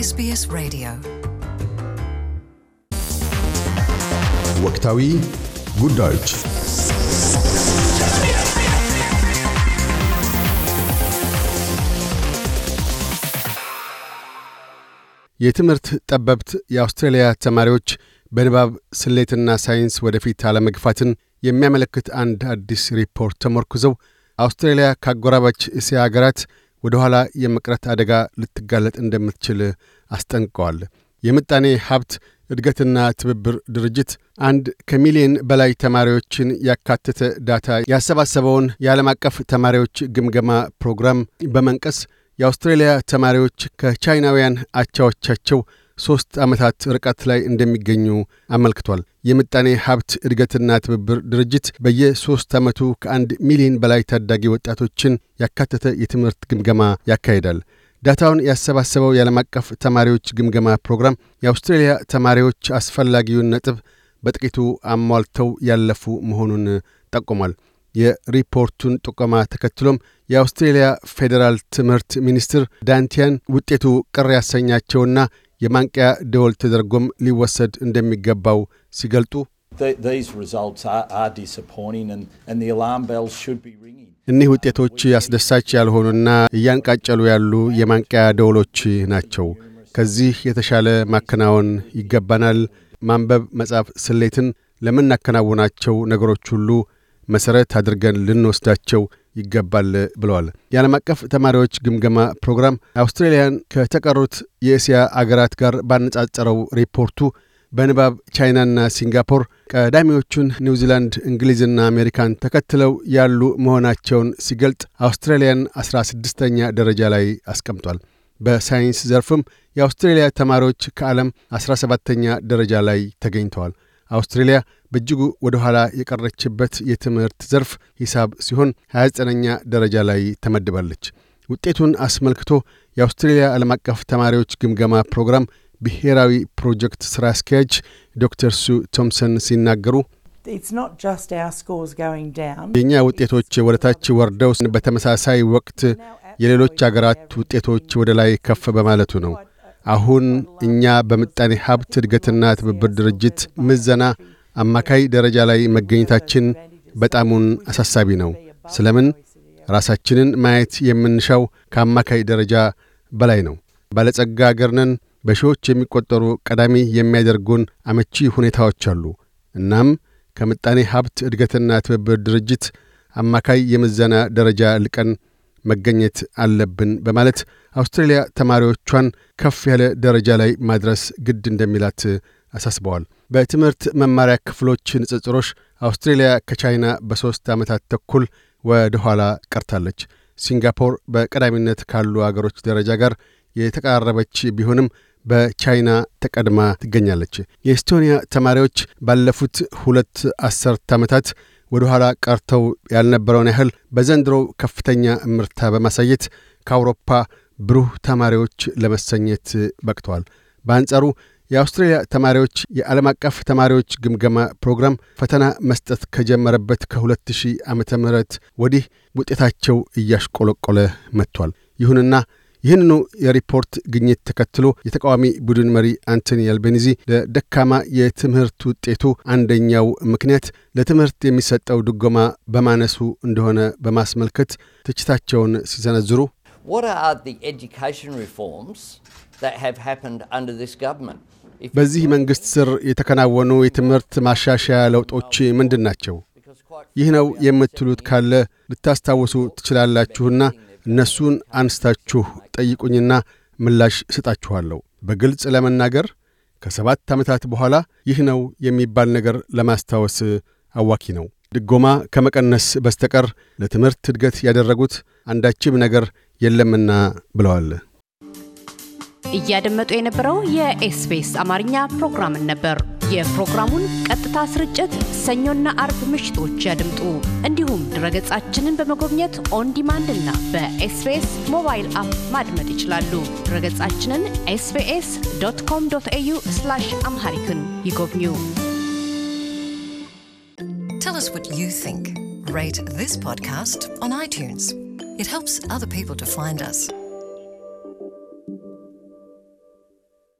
ኤስቢኤስ Radio. ወቅታዊ ጉዳዮች የትምህርት ጠበብት የአውስትራሊያ ተማሪዎች በንባብ ስሌትና ሳይንስ ወደፊት አለመግፋትን የሚያመለክት አንድ አዲስ ሪፖርት ተመርኩዘው አውስትራሊያ ካጎራባች እስያ አገራት ወደ ኋላ የመቅረት አደጋ ልትጋለጥ እንደምትችል አስጠንቀዋል። የምጣኔ ሀብት እድገትና ትብብር ድርጅት አንድ ከሚሊዮን በላይ ተማሪዎችን ያካተተ ዳታ ያሰባሰበውን የዓለም አቀፍ ተማሪዎች ግምገማ ፕሮግራም በመንቀስ የአውስትሬልያ ተማሪዎች ከቻይናውያን አቻዎቻቸው ሦስት ዓመታት ርቀት ላይ እንደሚገኙ አመልክቷል። የምጣኔ ሀብት እድገትና ትብብር ድርጅት በየሦስት ዓመቱ ከአንድ ሚሊዮን በላይ ታዳጊ ወጣቶችን ያካተተ የትምህርት ግምገማ ያካሂዳል። ዳታውን ያሰባሰበው የዓለም አቀፍ ተማሪዎች ግምገማ ፕሮግራም የአውስትሬልያ ተማሪዎች አስፈላጊውን ነጥብ በጥቂቱ አሟልተው ያለፉ መሆኑን ጠቁሟል። የሪፖርቱን ጥቆማ ተከትሎም የአውስትሬልያ ፌዴራል ትምህርት ሚኒስትር ዳንቲያን ውጤቱ ቅር ያሰኛቸውና የማንቂያ ደወል ተደርጎም ሊወሰድ እንደሚገባው ሲገልጡ እኒህ ውጤቶች አስደሳች ያልሆኑና እያንቃጨሉ ያሉ የማንቂያ ደወሎች ናቸው። ከዚህ የተሻለ ማከናወን ይገባናል። ማንበብ፣ መጻፍ፣ ስሌትን ለምናከናውናቸው ነገሮች ሁሉ መሠረት አድርገን ልንወስዳቸው ይገባል ብለዋል። የዓለም አቀፍ ተማሪዎች ግምገማ ፕሮግራም አውስትራሊያን ከተቀሩት የእስያ አገራት ጋር ባነጻጸረው ሪፖርቱ በንባብ ቻይናና ሲንጋፖር ቀዳሚዎቹን ኒውዚላንድ፣ እንግሊዝና አሜሪካን ተከትለው ያሉ መሆናቸውን ሲገልጥ አውስትራሊያን አስራ ስድስተኛ ደረጃ ላይ አስቀምጧል። በሳይንስ ዘርፍም የአውስትሬልያ ተማሪዎች ከዓለም አስራ ሰባተኛ ደረጃ ላይ ተገኝተዋል። አውስትሬልያ በእጅጉ ወደ ኋላ የቀረችበት የትምህርት ዘርፍ ሂሳብ ሲሆን 29ኛ ደረጃ ላይ ተመድባለች። ውጤቱን አስመልክቶ የአውስትሬልያ ዓለም አቀፍ ተማሪዎች ግምገማ ፕሮግራም ብሔራዊ ፕሮጀክት ሥራ አስኪያጅ ዶክተር ሱ ቶምሰን ሲናገሩ የእኛ ውጤቶች ወደ ታች ወርደው በተመሳሳይ ወቅት የሌሎች አገራት ውጤቶች ወደ ላይ ከፍ በማለቱ ነው። አሁን እኛ በምጣኔ ሀብት እድገትና ትብብር ድርጅት ምዘና አማካይ ደረጃ ላይ መገኘታችን በጣሙን አሳሳቢ ነው። ስለምን ራሳችንን ማየት የምንሻው ከአማካይ ደረጃ በላይ ነው። ባለጸጋ አገርነን በሺዎች የሚቆጠሩ ቀዳሚ የሚያደርጉን አመቺ ሁኔታዎች አሉ። እናም ከምጣኔ ሀብት እድገትና ትብብር ድርጅት አማካይ የምዘና ደረጃ ልቀን መገኘት አለብን በማለት አውስትራሊያ ተማሪዎቿን ከፍ ያለ ደረጃ ላይ ማድረስ ግድ እንደሚላት አሳስበዋል። በትምህርት መማሪያ ክፍሎች ንጽጽሮች አውስትሬልያ ከቻይና በሦስት ዓመታት ተኩል ወደ ኋላ ቀርታለች። ሲንጋፖር በቀዳሚነት ካሉ አገሮች ደረጃ ጋር የተቀራረበች ቢሆንም በቻይና ተቀድማ ትገኛለች። የኤስቶኒያ ተማሪዎች ባለፉት ሁለት አስርት ዓመታት ወደ ኋላ ቀርተው ያልነበረውን ያህል በዘንድሮው ከፍተኛ እምርታ በማሳየት ከአውሮፓ ብሩህ ተማሪዎች ለመሰኘት በቅተዋል። በአንጻሩ የአውስትሬልያ ተማሪዎች የዓለም አቀፍ ተማሪዎች ግምገማ ፕሮግራም ፈተና መስጠት ከጀመረበት ከ2000 ዓ ምህረት ወዲህ ውጤታቸው እያሽቆለቆለ መጥቷል። ይሁንና ይህንኑ የሪፖርት ግኝት ተከትሎ የተቃዋሚ ቡድን መሪ አንቶኒ አልቤኒዚ ለደካማ የትምህርት ውጤቱ አንደኛው ምክንያት ለትምህርት የሚሰጠው ድጎማ በማነሱ እንደሆነ በማስመልከት ትችታቸውን ሲሰነዝሩ what are the education reforms that have happened under this government? በዚህ መንግሥት ስር የተከናወኑ የትምህርት ማሻሻያ ለውጦች ምንድን ናቸው? ይህ ነው የምትሉት ካለ ልታስታውሱ ትችላላችሁና እነሱን አንስታችሁ ጠይቁኝና ምላሽ ስጣችኋለሁ። በግልጽ ለመናገር ከሰባት ዓመታት በኋላ ይህ ነው የሚባል ነገር ለማስታወስ አዋኪ ነው። ድጎማ ከመቀነስ በስተቀር ለትምህርት እድገት ያደረጉት አንዳችም ነገር የለምና ብለዋል። እያደመጡ የነበረው የኤስቢኤስ አማርኛ ፕሮግራምን ነበር። የፕሮግራሙን ቀጥታ ስርጭት ሰኞና አርብ ምሽቶች ያድምጡ። እንዲሁም ድረገጻችንን በመጎብኘት ኦን ዲማንድ እና በኤስቢኤስ ሞባይል አፕ ማድመጥ ይችላሉ። ድረገጻችንን ኤስቢኤስ ዶት ኮም ዶት ኤዩ አምሃሪክን ይጎብኙ። Tell us what you think. Rate It helps other people to find us.